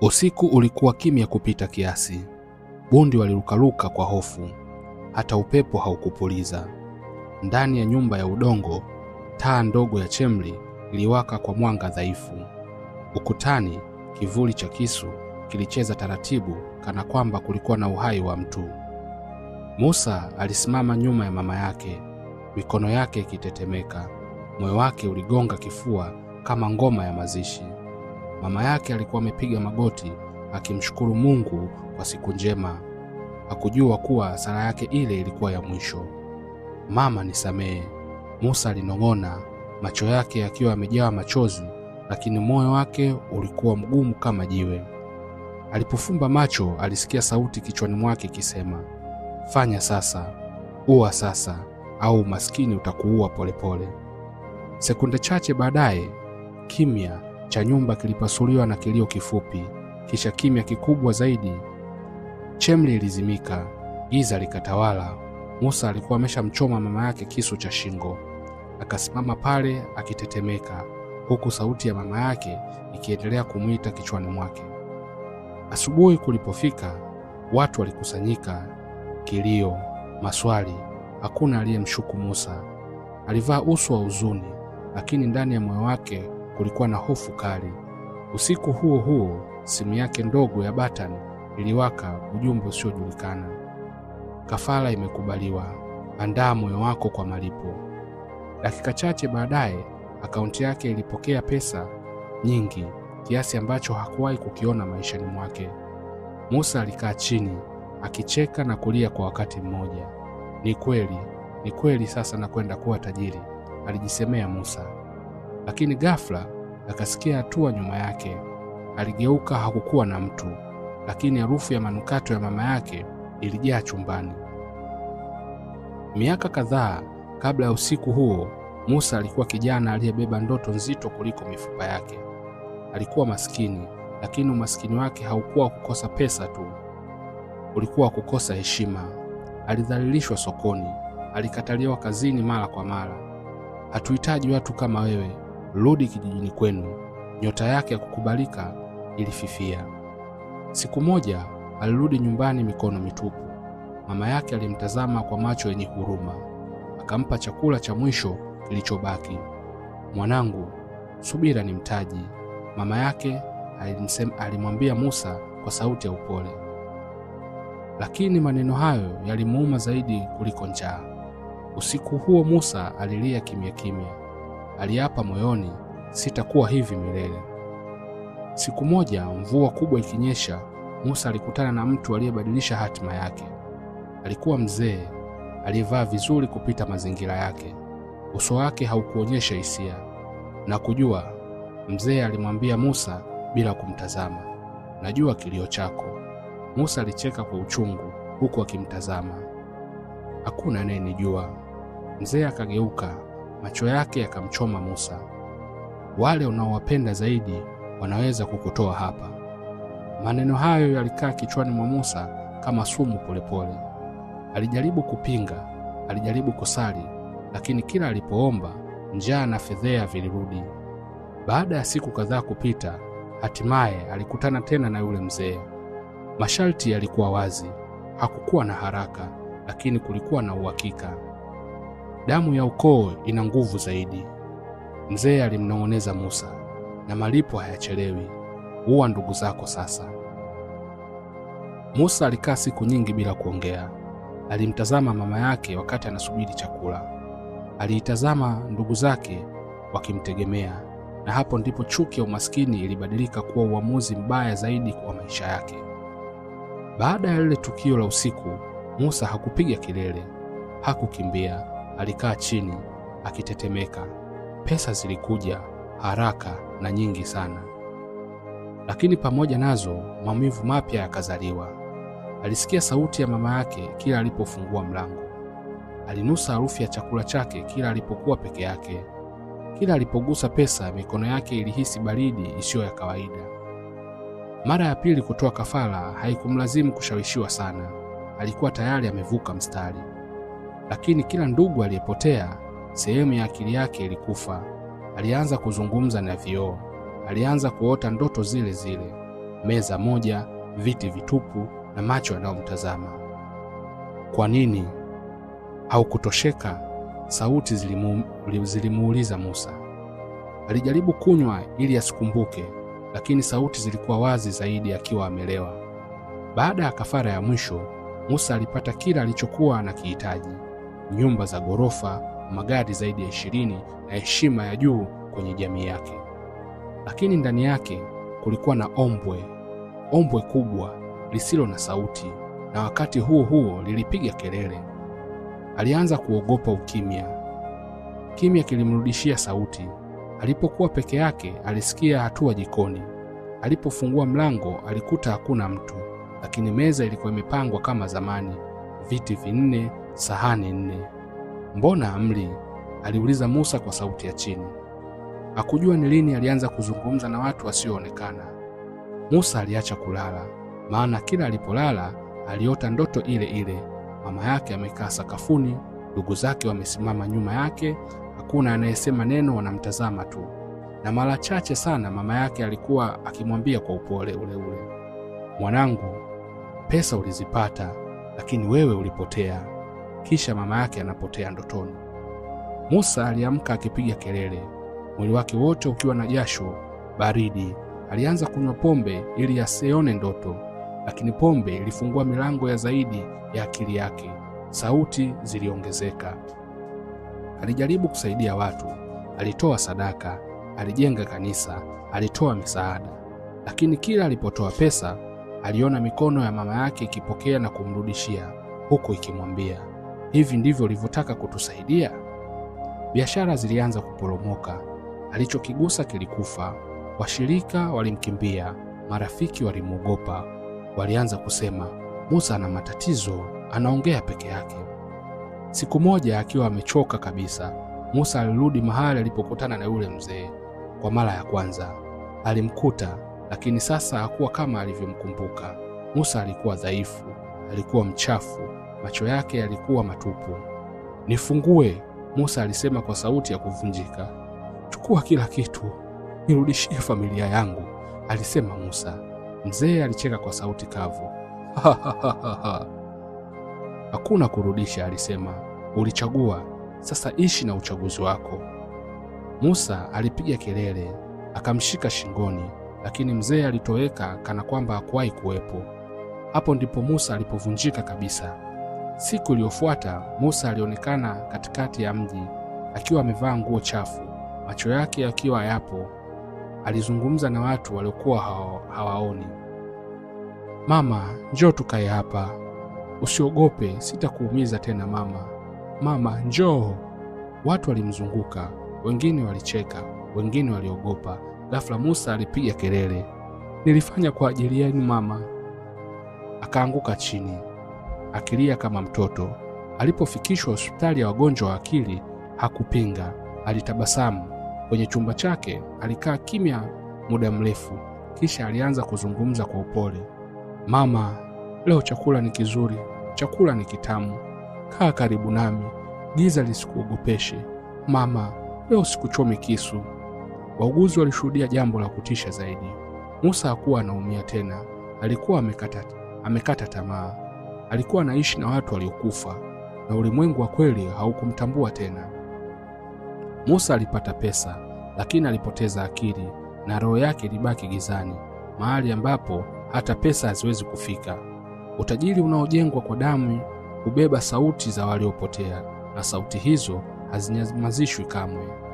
Usiku ulikuwa kimya kupita kiasi. Bundi walirukaruka kwa hofu, hata upepo haukupuliza. Ndani ya nyumba ya udongo, taa ndogo ya chemli iliwaka kwa mwanga dhaifu. Ukutani, kivuli cha kisu kilicheza taratibu, kana kwamba kulikuwa na uhai wa mtu. Musa alisimama nyuma ya mama yake, mikono yake ikitetemeka, moyo wake uligonga kifua kama ngoma ya mazishi. Mama yake alikuwa amepiga magoti akimshukuru Mungu kwa siku njema. Hakujua kuwa sala yake ile ilikuwa ya mwisho. Mama, nisamehe, Musa alinong'ona, macho yake akiwa yamejawa machozi, lakini moyo wake ulikuwa mgumu kama jiwe. Alipofumba macho, alisikia sauti kichwani mwake ikisema, fanya sasa, uwa sasa, au umaskini utakuua polepole. Sekunde chache baadaye kimya cha nyumba kilipasuliwa na kilio kifupi, kisha kimya kikubwa zaidi. Chemli ilizimika, giza likatawala. Musa alikuwa ameshamchoma mama yake kisu cha shingo. Akasimama pale akitetemeka, huku sauti ya mama yake ikiendelea kumwita kichwani mwake. Asubuhi kulipofika, watu walikusanyika, kilio, maswali. Hakuna aliyemshuku Musa. Alivaa uso wa huzuni, lakini ndani ya moyo wake kulikuwa na hofu kali. Usiku huo huo simu yake ndogo ya batani iliwaka ujumbe usiojulikana: kafara imekubaliwa, andaa moyo wako kwa malipo. Dakika chache baadaye akaunti yake ilipokea pesa nyingi kiasi ambacho hakuwahi kukiona maishani mwake. Musa alikaa chini akicheka na kulia kwa wakati mmoja. Ni kweli, ni kweli, sasa nakwenda kuwa tajiri, alijisemea Musa lakini ghafla akasikia hatua nyuma yake. Aligeuka, hakukuwa na mtu, lakini harufu ya manukato ya mama yake ilijaa chumbani. Miaka kadhaa kabla ya usiku huo, Musa alikuwa kijana aliyebeba ndoto nzito kuliko mifupa yake. Alikuwa maskini, lakini umaskini wake haukuwa kukosa pesa tu, ulikuwa kukosa heshima. Alidhalilishwa sokoni, alikataliwa kazini mara kwa mara. Hatuhitaji watu kama wewe, rudi kijijini kwenu. Nyota yake ya kukubalika ilififia. Siku moja alirudi nyumbani mikono mitupu. Mama yake alimtazama kwa macho yenye huruma, akampa chakula cha mwisho kilichobaki. Mwanangu, subira ni mtaji, mama yake alimwambia Musa kwa sauti ya upole, lakini maneno hayo yalimuuma zaidi kuliko njaa. Usiku huo Musa alilia kimya kimya aliapa moyoni, sitakuwa hivi milele. Siku moja mvua kubwa ikinyesha, Musa alikutana na mtu aliyebadilisha hatima yake. Alikuwa mzee aliyevaa vizuri kupita mazingira yake, uso wake haukuonyesha hisia. Na kujua, mzee alimwambia Musa bila kumtazama, najua kilio chako. Musa alicheka kwa uchungu huku akimtazama. Hakuna anayenijua. Mzee akageuka macho yake yakamchoma Musa. Wale unaowapenda zaidi wanaweza kukutoa hapa. Maneno hayo yalikaa kichwani mwa Musa kama sumu polepole. Alijaribu kupinga, alijaribu kusali, lakini kila alipoomba njaa na fedhea vilirudi. Baada ya siku kadhaa kupita, hatimaye alikutana tena na yule mzee. Masharti yalikuwa wazi, hakukuwa na haraka, lakini kulikuwa na uhakika damu ya ukoo ina nguvu zaidi, mzee alimnong'oneza Musa, na malipo hayachelewi. Huwa ndugu zako sasa. Musa alikaa siku nyingi bila kuongea. Alimtazama mama yake wakati anasubiri chakula, aliitazama ndugu zake wakimtegemea, na hapo ndipo chuki ya umaskini ilibadilika kuwa uamuzi mbaya zaidi kwa maisha yake. Baada ya lile tukio la usiku, Musa hakupiga kelele, hakukimbia. Alikaa chini akitetemeka. Pesa zilikuja haraka na nyingi sana, lakini pamoja nazo maumivu mapya yakazaliwa. Alisikia sauti ya mama yake kila alipofungua mlango, alinusa harufu ya chakula chake kila alipokuwa peke yake. Kila alipogusa pesa, mikono yake ilihisi baridi isiyo ya kawaida. Mara ya pili kutoa kafara haikumlazimu kushawishiwa sana, alikuwa tayari amevuka mstari lakini kila ndugu aliyepotea sehemu ya akili yake ilikufa. Alianza kuzungumza na vioo, alianza kuota ndoto zile zile: meza moja, viti vitupu na macho yanayomtazama. Kwa nini haukutosheka? Sauti zilimu, zilimuuliza Musa. Alijaribu kunywa ili asikumbuke, lakini sauti zilikuwa wazi zaidi akiwa amelewa. Baada ya kafara ya mwisho, Musa alipata kila alichokuwa anakihitaji nyumba za ghorofa, magari zaidi ya ishirini na heshima ya juu kwenye jamii yake. Lakini ndani yake kulikuwa na ombwe, ombwe kubwa lisilo na sauti, na wakati huo huo lilipiga kelele. Alianza kuogopa ukimya. Kimya kilimrudishia sauti. Alipokuwa peke yake, alisikia hatua jikoni. Alipofungua mlango, alikuta hakuna mtu, lakini meza ilikuwa imepangwa kama zamani, viti vinne sahani nne. Mbona amri? aliuliza Musa kwa sauti ya chini. Hakujua ni lini alianza kuzungumza na watu wasioonekana. Musa aliacha kulala, maana kila alipolala aliota ndoto ile ile: mama yake amekaa sakafuni, ndugu zake wamesimama nyuma yake, hakuna anayesema neno, wanamtazama tu, na mara chache sana mama yake alikuwa akimwambia kwa upole ule ule, mwanangu, pesa ulizipata, lakini wewe ulipotea kisha mama yake anapotea ndotoni. Musa aliamka akipiga kelele, mwili wake wote ukiwa na jasho baridi. Alianza kunywa pombe ili asione ndoto, lakini pombe ilifungua milango ya zaidi ya akili yake. Sauti ziliongezeka. Alijaribu kusaidia watu, alitoa sadaka, alijenga kanisa, alitoa misaada, lakini kila alipotoa pesa aliona mikono ya mama yake ikipokea na kumrudishia, huku ikimwambia Hivi ndivyo ulivyotaka kutusaidia? Biashara zilianza kuporomoka, alichokigusa kilikufa. Washirika walimkimbia, marafiki walimwogopa, walianza kusema Musa ana matatizo, anaongea peke yake. Siku moja akiwa amechoka kabisa, Musa alirudi mahali alipokutana na yule mzee kwa mara ya kwanza. Alimkuta, lakini sasa hakuwa kama alivyomkumbuka. Musa alikuwa dhaifu, alikuwa mchafu macho yake yalikuwa matupu. Nifungue, Musa alisema kwa sauti ya kuvunjika. Chukua kila kitu, nirudishie familia yangu, alisema Musa. Mzee alicheka kwa sauti kavu. Hakuna kurudisha, alisema. Ulichagua, sasa ishi na uchaguzi wako. Musa alipiga kelele, akamshika shingoni, lakini mzee alitoweka kana kwamba hakuwahi kuwepo. Hapo ndipo Musa alipovunjika kabisa. Siku iliyofuata Musa alionekana katikati ya mji akiwa amevaa nguo chafu, macho yake akiwa yapo. Alizungumza na watu waliokuwa hawaoni. Mama, njoo tukae hapa, usiogope, sitakuumiza tena mama. Mama njoo. Watu walimzunguka, wengine walicheka, wengine waliogopa. Ghafla Musa alipiga kelele, nilifanya kwa ajili yenu mama. Akaanguka chini akilia kama mtoto. Alipofikishwa hospitali ya wagonjwa wa akili hakupinga, alitabasamu. Kwenye chumba chake alikaa kimya muda mrefu, kisha alianza kuzungumza kwa upole. Mama, leo chakula ni kizuri, chakula ni kitamu, kaa karibu nami, giza lisikuogopeshe. Mama, leo sikuchomi kisu. Wauguzi walishuhudia jambo la kutisha zaidi. Musa hakuwa anaumia tena, alikuwa amekata, amekata tamaa. Alikuwa anaishi na watu waliokufa na ulimwengu wa kweli haukumtambua tena. Musa alipata pesa, lakini alipoteza akili na roho yake ilibaki gizani, mahali ambapo hata pesa haziwezi kufika. Utajiri unaojengwa kwa damu hubeba sauti za waliopotea, na sauti hizo hazinyamazishwi kamwe.